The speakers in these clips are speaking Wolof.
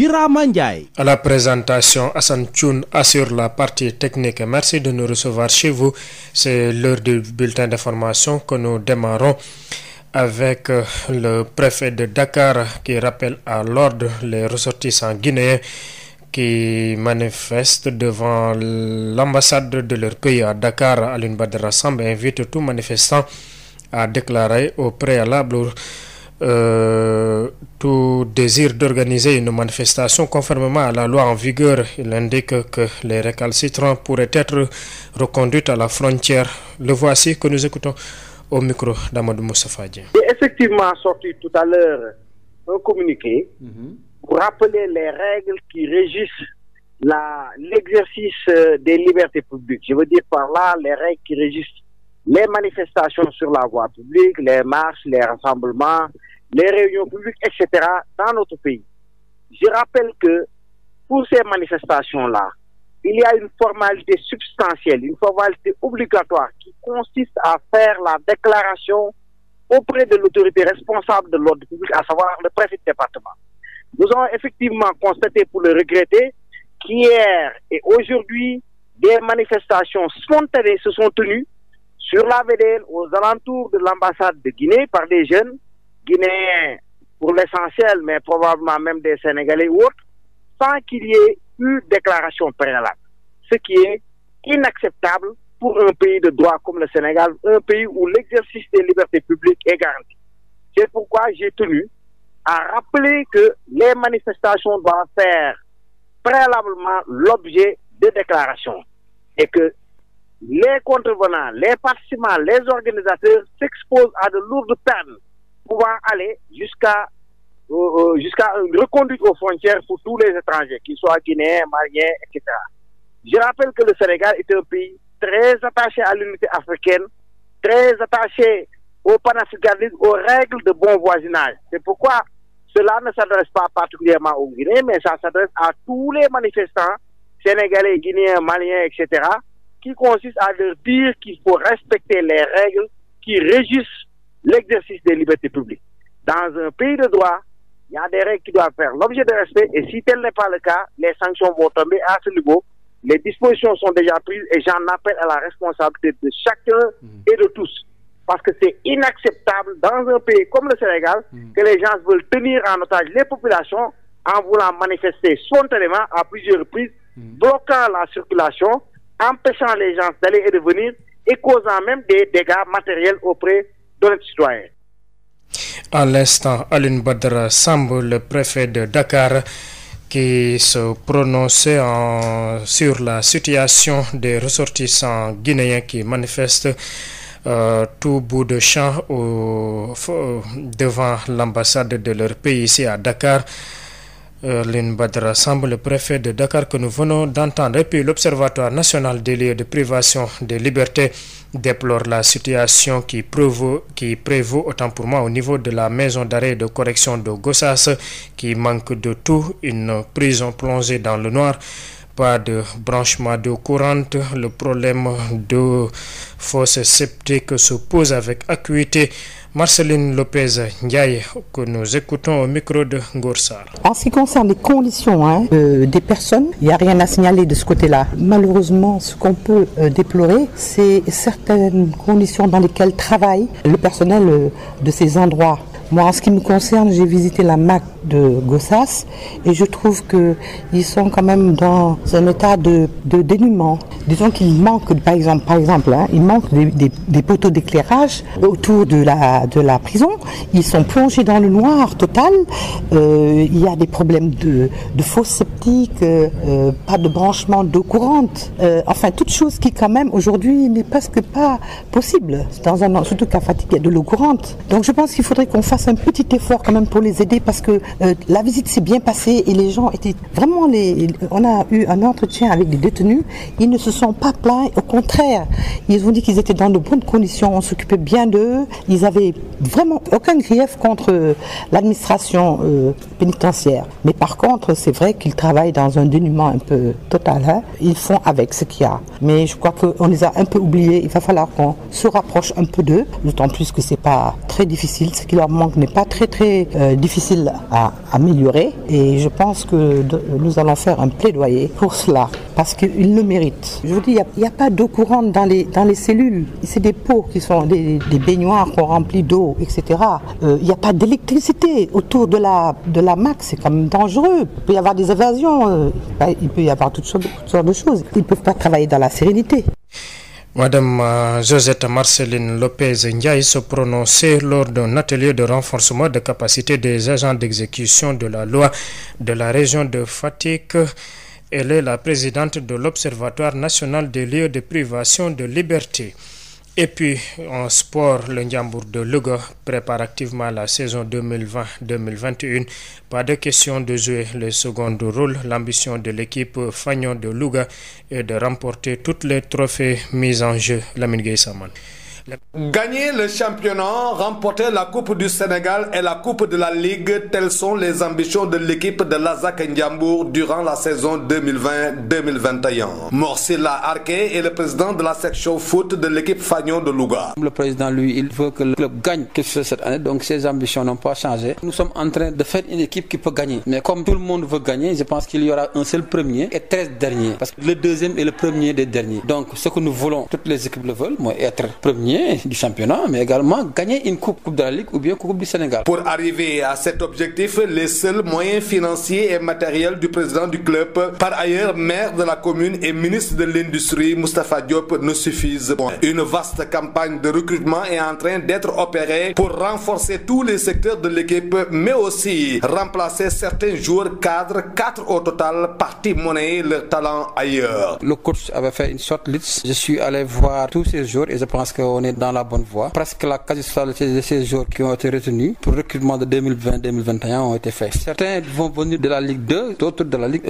Birama À la présentation, Hassan assure la partie technique. Merci de nous recevoir chez vous. C'est l'heure du bulletin d'information que nous démarrons avec euh, le préfet de Dakar qui rappelle à l'ordre les ressortissants guinéens qui manifestent devant l'ambassade de leur pays à Dakar. Alioune Badara Samb invite tout manifestant à déclarer au préalable euh, tout désir d'organiser une manifestation conformément à la loi en vigueur. Il indique que les récalcitrants pourraient être reconduits à la frontière. Le voici que nous écoutons au micro d'Amadou Moustapha Dieng. J'ai effectivement sorti tout à l'heure un communiqué pour rappeler les règles qui régissent la l'exercice euh, des libertés publiques. Je veux dire par là les règles qui les manifestations sur la voie publique, les marches, les rassemblements les réunions publiques, etc., dans notre pays. Je rappelle que pour ces manifestations-là, il y a une formalité substantielle, une formalité obligatoire qui consiste à faire la déclaration auprès de l'autorité responsable de l'ordre public, à savoir le préfet de département. Nous avons effectivement constaté, pour le regretter, qu'hier et aujourd'hui, des manifestations spontanées se sont tenues sur la VDN aux alentours de l'ambassade de Guinée par des jeunes Guinéens pour l'essentiel, mais probablement même des Sénégalais ou autres, sans qu'il y ait eu déclaration préalable. Ce qui est inacceptable pour un pays de droit comme le Sénégal, un pays où l'exercice des libertés publiques est garanti. C'est pourquoi j'ai tenu à rappeler que les manifestations doivent faire préalablement l'objet de déclarations et que les contrevenants, les participants, les organisateurs s'exposent à de lourdes peines pouvant aller jusqu'à euh, euh, jusqu'à une reconduite aux pour tous les étrangers, qu'ils soient guinéens, maliens, etc. Je rappelle que le Sénégal est un pays très attaché à l'unité africaine, très attaché au panafricanisme, aux règles de bon voisinage. C'est pourquoi cela ne s'adresse pas particulièrement aux Guinéens, mais ça s'adresse à tous les manifestants sénégalais, guinéens, maliens, etc., qui consiste à leur dire qu'il faut respecter les règles qui régissent l'exercice des libertés publiques. Dans un pays de droit, y a des règles qui doivent l l'objet de respect et si tel n'est pas le cas, les sanctions vont tomber à ce niveau. Les dispositions sont déjà prises et j'en appelle à la responsabilité de chacun mmh. et de tous. Parce que c'est inacceptable dans un pays comme le Sénégal mmh. que les gens veulent tenir en otage les populations en voulant manifester spontanément à plusieurs reprises, mmh. bloquant la circulation, empêchant les gens d'aller et de venir même des dégâts matériels auprès doon citoyen à l'instant Alioune Badara Samb le préfet de Dakar qui se prononçait en sur la situation des ressortissants guinéens qui manifestent euh, tout bout de champ au, au, euh, devant l'ambassade de leur pays ici à Dakar Lune Badra Samb, le préfet de Dakar que nous venons d'entendre, et puis l'Observatoire national des lieux de privation de libertés déplore la situation qui prévaut, qui prévaut autant pour moi au niveau de la maison d'arrêt de correction de Gossas qui manque de tout, une prison plongée dans le noir. pas de branchement d'eau courante. Le problème de fosse septique se pose avec acuité. Marceline Lopez Ndiaye, que nous écoutons au micro de Ngorsar. En ce qui concerne les conditions euh, des personnes, il n'y a rien à signaler de ce côté-là. Malheureusement, ce qu'on peut euh, déplorer, c'est certaines conditions dans lesquelles travaille le personnel euh, de ces endroits Moi, en ce qui me concerne, j'ai visité la MAC de Gossas et je trouve qu'ils sont quand même dans un état de, de dénuement. disons qu'il manque, par exemple, par exemple hein, il manque des, des, des poteaux d'éclairage autour de la, de la prison. Ils sont plongés dans le noir total. Euh, il y a des problèmes de, de fausses septiques, euh, euh, pas de branchement d'eau courante. Euh, enfin, toute chose qui, quand même, aujourd'hui, n'est presque pas possible. Dans un, surtout qu'à Fatigue, il y a de l'eau courante. Donc, je pense qu'il faudrait qu'on fasse un petit effort, quand même, pour les aider parce que euh, la visite s'est bien passée et les gens étaient vraiment les. On a eu un entretien avec des détenus. Ils ne se sont sont pas pleins contraire, ils ont dit qu'ils étaient dans de bonnes conditions, on s'occupait bien d'eux, ils avaient vraiment aucun grief contre euh, l'administration euh, pénitentiaire. Mais par contre, c'est vrai qu'ils travaillent dans un dénuement un peu total. Hein. Ils font avec ce qu'il y a. Mais je crois qu'on les a un peu oubliés. Il va falloir qu'on se rapproche un peu d'eux, d'autant plus que c'est pas très difficile. Ce qui leur manque n'est pas très très euh, difficile à améliorer. Et je pense que de, nous allons faire un plaidoyer pour cela, parce qu'ils le méritent. Je vous dis, il n'y a, a pas de d'eau courante dans les, dans les cellules. C'est des pots qui sont des, des baignoires qu'on remplit d'eau, etc. Il n'y a pas d'électricité autour de la, de la MAC, c'est quand même dangereux. Il peut y avoir des évasions, euh, il peut y de ne peuvent pas travailler dans la sérénité. Madame euh, Josette Marceline Lopez Ndiaye se prononçait lors d'un atelier de renforcement de capacité des agents d'exécution de la loi de la région de Fatick. Elle est la présidente de l'Observatoire national des lieux de privation de liberté. Et puis en sport, le Ndiambour de Louga prépare activement la saison 2020-2021. Pas de question de jouer le second rôle. L'ambition de l'équipe Fagnon de Louga est de remporter tous les trophées mis en jeu. Lamine Gueye Saman. Gagner le championnat, remporter la Coupe du Sénégal et la Coupe de la Ligue, telles sont les ambitions de l'équipe de l'ASAC Ndiambour durant la saison Morsila Arke est le président de la section foot de l'équipe Fagnon de Louga. Le président, lui, il veut que le club gagne quelque cette année, donc ses ambitions n'ont pas changé. Nous sommes en train de faire une équipe qui peut gagner. Mais comme tout le monde veut gagner, je pense qu'il y aura un seul premier gagner du championnat, mais également gagner une coupe, coupe de la Ligue ou bien coupe du Sénégal. Pour arriver à cet objectif, les seuls moyens financiers et matériels du président du club, par ailleurs maire de la commune et ministre de l'Industrie, Moustapha Diop, ne suffisent pas. Une vaste campagne de recrutement est en train d'être opérée pour renforcer tous les secteurs de l'équipe, mais aussi remplacer certains joueurs cadres, quatre au total, partis monnaie leur talent ailleurs. Le coach a fait on est dans la bonne voie. Presque la quasi de ces joueurs qui ont été retenus pour le de ont été faits. Certains vont de la Ligue 2, d'autres de la Ligue.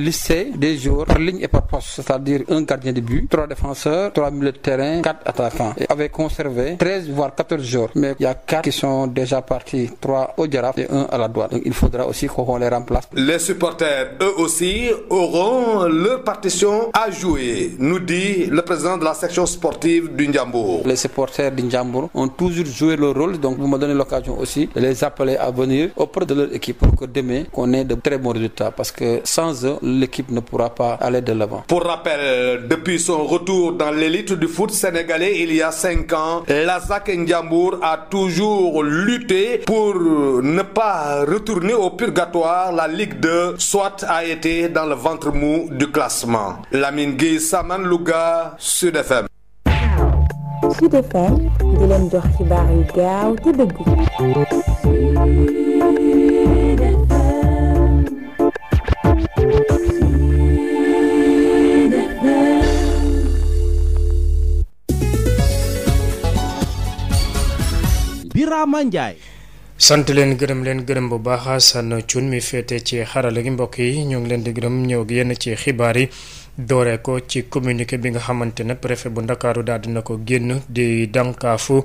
listé des joueurs par ligne et par poste, c'est-à-dire un gardien de but, trois défenseurs, trois milieux de terrain, quatre attaquants. Et avait conservé 13 voire 14 mais il y a quatre qui sont déjà partis, trois au Giraffe et un à la Douane. il faudra aussi qu'on les remplace. à jouer, nous dit le président du Ndiambour. Les supporters du Ndiambour ont toujours joué leur rôle donc vous me donnez l'occasion aussi de les appeler à venir auprès de leur pour que demain qu'on ait de très bons résultats parce que sans eux l'équipe ne pourra pas aller de l'avant. Pour rappel, depuis son retour dans l'élite du foot sénégalais il y a cinq ans, Lazak Ndiambour a toujours lutté pour ne pas retourner au purgatoire. La Ligue de soit a été dans le ventre mou du classement. Sud FM sant leen gërëm leen gërëm bu baax Sane Thioune mi féete ci xarala gi mbokk yi ñoo ngi leen di gërëm ñëw ak yenn ci xibaar yi. dooree ko ci communiqué bi nga xamante ne préfet bu ndakaaru daal dina ko génn di dànkaafu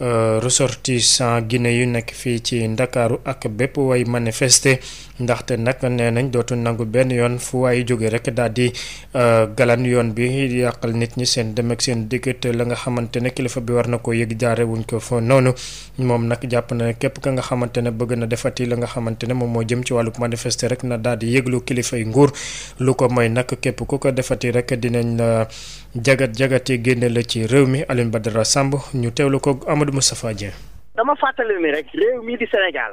Euh, ressortissant Guinée yu nekk fii ci Ndakaaru ak bépp way manifester ndaxte nag nee nañ dootu nangu benn yoon fu waay jóge rek daal di euh, galan yoon bi yàqal nit ñi seen dem ak seen diggante la nga xamante ne kilifa bi war na ko yëg jaarewuñ ko fa noonu moom nag jàpp na képp ka nga xamante ne bëgg na defati la nga xamante ne moom moo jëm ci wàllu manifester rek na daal di yëglu kilifay nguur lu ko mooy nag képp ku ko defati rek dinañ la jagat jagati génne la ci réew mi Alioune dama fàttali ni rek réew mii di Sénégal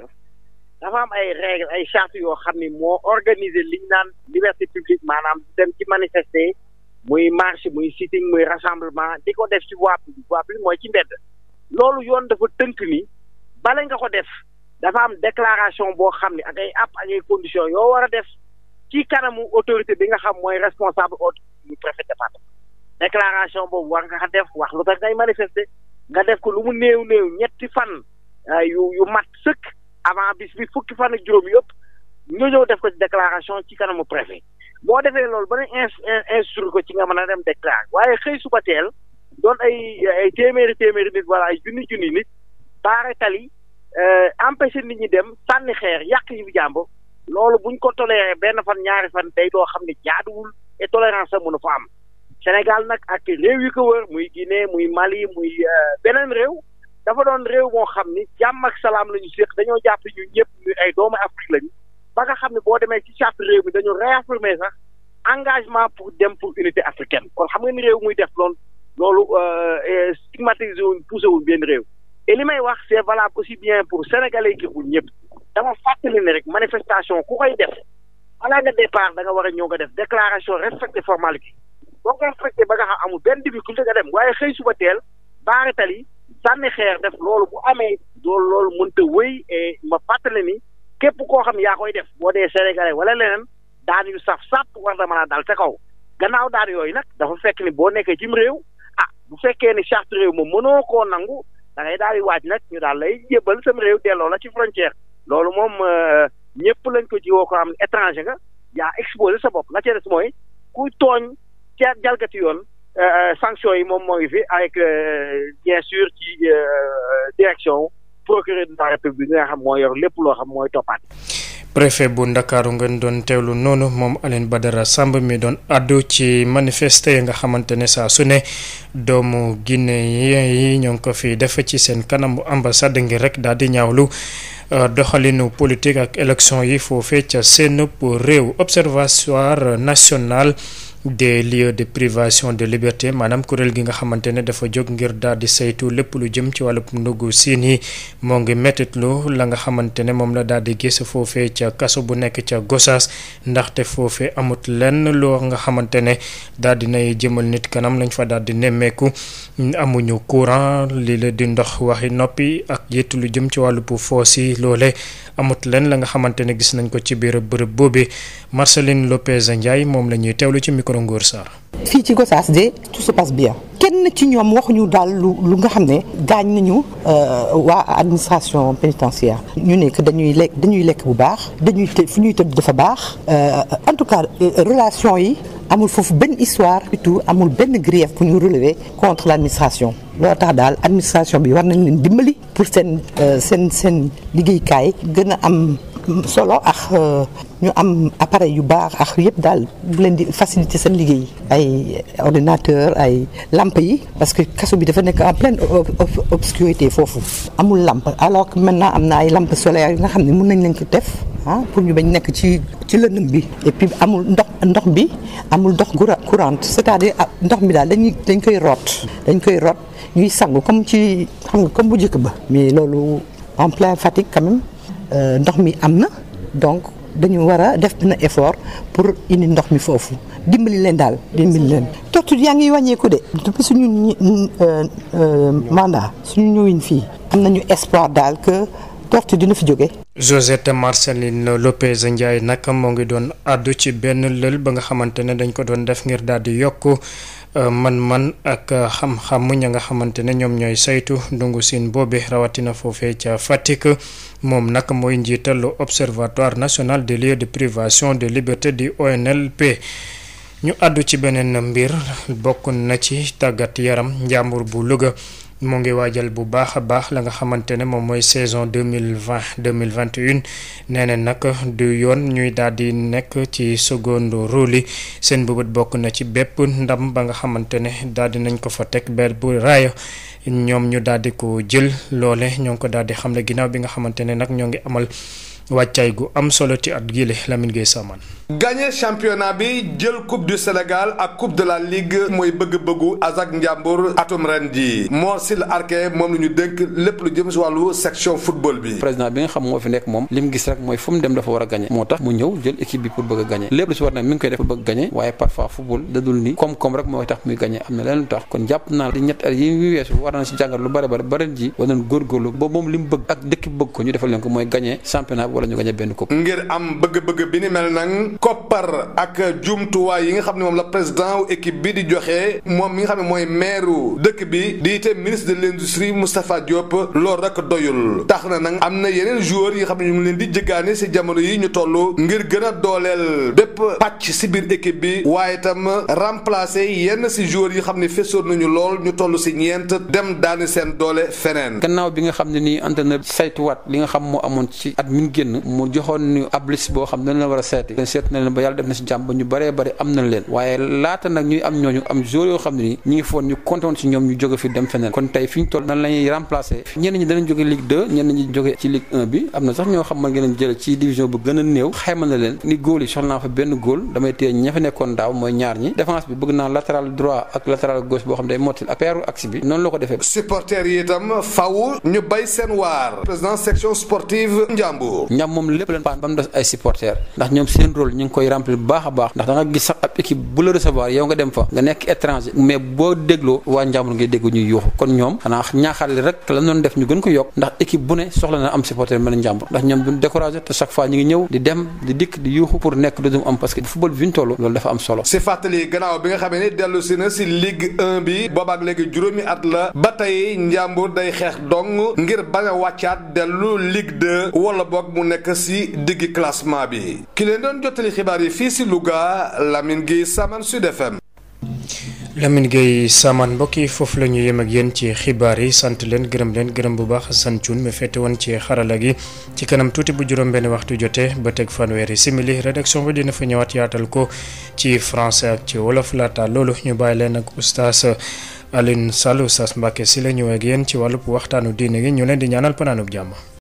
dafa am ay règle ay charte yoo xam ni moo organiser li ñu naan liberté publique maanaam dem ci manifester muy marché muy sitting muy rassemblement di ko def ci voie publique voie mooy ci mbedd. loolu yoon dafa tënk ni bala nga ko def dafa am déclaration boo xam ne ak ay app ak ay yoo war a def ci kanamu autorité bi nga xam mooy responsable au préfet département déclaration boobu war nga def wax lu tax ngay manifester. nga def ko lu mu néew néew ñetti fan euh, yu yu mat sëkk avant bis bi fukki fan ak juróom yëpp nga ñëw def ko ci déclaration ci kanamu préfet boo defee loolu ba ne instruire ko ci nga mën a dem déclarer waaye xëy suba teel doon ay ay téeméeri téeméeri nit wala ay junni junni nit baare tali euh, empêché nit ñi dem sànni xeer yàq yi bi jàmbur loolu buñ ko toléré benn fan ñaari fan day doo xam ne jaaduwul et tolérance a mën a am Sénégal nag ak réew yu ko wër muy Guinée muy Mali muy euh, beneen réew dafa doon réew moo xam ni jàmm ak salaam la ñu séq dañoo jàpp ñu ñëpp ñu ay doomu Afrique lañu ba nga xam ne boo demee ci charte réew mi dañu réaffirmer sax engagement pour dem pour unité africaine kon xam nga ni réew muy def loolu loolu euh, stigmatisé wuñ poussé wuñ benn réew te li may wax c'est valable aussi bien pour sénégalais yi bu ñëpp dama fàttali ne rek manifestation ku koy def balaa nga départ da nga war a ñëw nga def déclaration respecté formalité boo ko respecté ba nga xam amul benn difficulté nga dem waaye xëy suba teel baare tali sànni xeer def loolu bu amee loolu loolu mënta wéy e ma fàttali ni képp koo xam yaa koy def boo dee sénégalais wala leneen daan yu saf sàpp war na mën a dal te kaw gannaaw daan yooyu nag dafa fekk ni boo nekkee cim réew ah bu fekkee ni charte réew moom mënoo koo nangu da daal di waaj nag ñu daal lay jébbal sam réew delloo la ci frontière loolu moom euh, ñëpp lañ ko jiwoo ko am étranger nga yaa exposé sa bopp la ca mooy ku tooñ ja jalgati yoon euh, sanction yi moom moo ngi fi avec euh, bien sûr ci euh, direction procureur loo xam mooy toppaat. bu ndakaaru ngeen doon teewlu noonu moom ba dara Samb mi doon àddu ci manifester yi nga xamante ne saa su ne doomu Guinée yi ñoo ngi ko fi def ci seen kanamu ambassade ngir rek daal di ñaawlu doxalinu politique ak élection yi foofee ca seen réew observatoire national. des lieux de privation de liberté maanaam kuréel gi nga xamante ne dafa jóg ngir daal di saytu lépp lu jëm ci wàllu wàllub ndogu siin yi moo ngi mettitlu la nga xamante ne moom la daal di gis foofee ca kaso bu nekk ca Gossas ndaxte foofe amut lenn loo nga xamante ne daal di nay jëmal nit kanam lañ fa daal di nemmeeku amuñu courant li la di ndox waxi noppi ak yett lu jëm ci wàllub foos yi loole amut lenn la nga xamante ne gis nañ ko ci biir bërëb boobi Marceline Lopez Ndiaye moom lañuy ñuy teewlu ci micro Ngor Sarr. fii ci Gossas de tout se passe bien kenn ci ñoom waxuñu daal lu nga xam ne gaañ nañu euh, waa administration pénitentiaire ñu nekk dañuy lekk dañuy lekk bu baax dañuy të fu ñuy tëdd dafa baax euh, en tout cas euh, relation yi amul foofu benn histoire et tout amul benn grief pour ñu relever contre l'administration loo tax daal administration bi war nañ leen dimbali pour seen seen seen liggéeykaay gën a am. solo ak euh, ñu am appareil yu baax ak yëpp daal bu leen di facilité seen liggéey ay ordinateur ay lampe yi parce que caso bi dafa nekk en pleine obscurité foofu amul lampe alors que maintenant am na ay lampe solaire yi nga xam ne mun nañ lañ ko def ah pour ñu bañ nekk ci ci lëndëm bi et puis amul ndox ndox bi amul ndox courante c'est-à-dire ah, ndox bi daal dañuy dañ koy root dañ koy root ñuy sangu comme ci xam nga comme bu njëkk ba mais loolu en pleine fatigue Euh, ndox mi am na donc dañu war a def benn effort pour indi ndox mi foofu dimbali leen daal dimbali leen torture yaa ngi wàññeeku de depuis suñu euh, euh, mandat suñu ñëwin fii am nañu espoir daal que torture dina fi jóge Josette Marceline Lopez Ndiaye nag moo ngi doon àddu ci benn lël ba nga xamante ne dañ ko doon def ngir daal di yokk Euh, man-man ak euh, xam-xam ña nga xamante ne ñoom ñooy saytu ndungu siin boobe rawatina foofe ca Fatick moom nag mooy njiital njiitalu observatoire nationale de lieux de privation de liberté di ONLP ñu àddu ci beneen mbir bokk na ci tàggat yaram njàmbur bu Louga mu ngi waajal bu baax a baax la nga xamante ne moom mooy saison deux mille vingt deux mille vingt et nee na nag du yoon ñuy daal di nekk ci seconde roue seen bëbët bokk na ci bépp ndam ba nga xamante ne daal di nañ ko fa teg ber bu raaya ñoom ñu daal di ko jël loole ñoo ngi ko daal di xamle ginnaaw bi nga xamante ne nag ñoo ngi amal. wàccaay gu am solo ci at gii Lamine Gueye Samane. gagné championnat bi jël coupe du Sénégal ak coupe de la ligue mooy bëgg-bëggu Azak Ndiambour atum ren jii Mor Syll Arke moom la ñu dénk lépp lu jëm si wàllu section football bi. président bi moo fi mu gis rek mooy fu mu dem dafa war a gagné moo tax mu ñëw jël équipe bi pour bëgg a gagné lépp lu si war nag mi ngi koy def bëgg a gagné waaye parfois football dadul ni koom-koom rek mooy tax muy gagné am na leneen lu tax kon jàpp naa di ñett at yi ñu weesu war na si jàngat lu bare bari ba ren jii war nañ góorgóorlu ba moom li mu dëkk bëgg ko ñu defal leen ko mooy gagné championnat wala ñu gañe benn coupe. ngir am bëgg-bëgg bi ni mel nag koppar ak jumtuwaay yi nga xam ne moom la président wu équipe bi di joxe moom mi nga xam ne mooy maire dëkk bi di itam ministre de l' industrie Moustapha Diop loolu rek doyul tax na nag am na yeneen joueurs yi xam ne ñu ngi leen di jëggaane si jamono yi ñu toll ngir gën a dooleel bépp pàcc si biir équipe bi waaye tam remplacer yenn si joueurs yi xam ne fesoon nañu lool ñu toll si ñeent dem daani seen doole feneen. gannaaw bi nga xam ne nii entraîneur saytuwaat li nga génn mu joxoon ñu ab boo xam ne dañ la war a seeti leen seet na leen ba yàlla def na si jàmm ba ñu bëree bëri am nañ leen waaye laata nag ñuy am ñooñu am jour yoo xam ne nii ngi foon ñu kontoon si ñoom ñu jóge fi dem feneen kon tey fi ñu toll nan la remplacer ñenn ñi danañ jóge Ligue 2 ñenn ñi jóge ci Ligue 1 bi am na sax ñoo xam mën ngeen jël ci division bu gën néew xayma na leen ni góol yi soxla naa fa benn góol damay téye ña fa nekkoon ñam moom lépp leen paan ba mu des ay supporters ndax ñoom seen rôle ñu ngi koy remplir baax a baax ndax da gis sax ab équipe bu la recevoir yow nga dem fa nga nekk étranger mais boo dégloo waa njàmbur ngay dégg ñuy yuuxu kon ñoom xanaa ñaaxaale rek la doon def ñu gën ko yokk ndax équipe bu ne soxla na am supporter mel njàmbur ndax ñoom duñ découragé te chaque fois ñu ngi ñëw di dem di dikk di yuuxu pour nekk dudum am parce football bi ñu ba tey njàmbur nekk si digg classement bi ki leen doon jottali xibaar yi fii si Louga Lamine Gueye Saman Sud FM. Lamine Saman mbokk yi foofu la ñu yem ak yéen ci xibaar yi sant leen gërëm leen gërëm bu baax sant Thioune mi fete woon ci xarala gi ci kanam tuuti bu juróom-benn waxtu jotee ba teg fanweeri simili rédaction bi dina fa ñëwaat yaatal ko ci français ak ci wolof laata loolu ñu bay leen ak oustaz Alioune Sall oustaz Mbacke si la ñëw ak yéen ci wàllub waxtaanu diine gi ñu leen di ñaanal panaanub jàmm.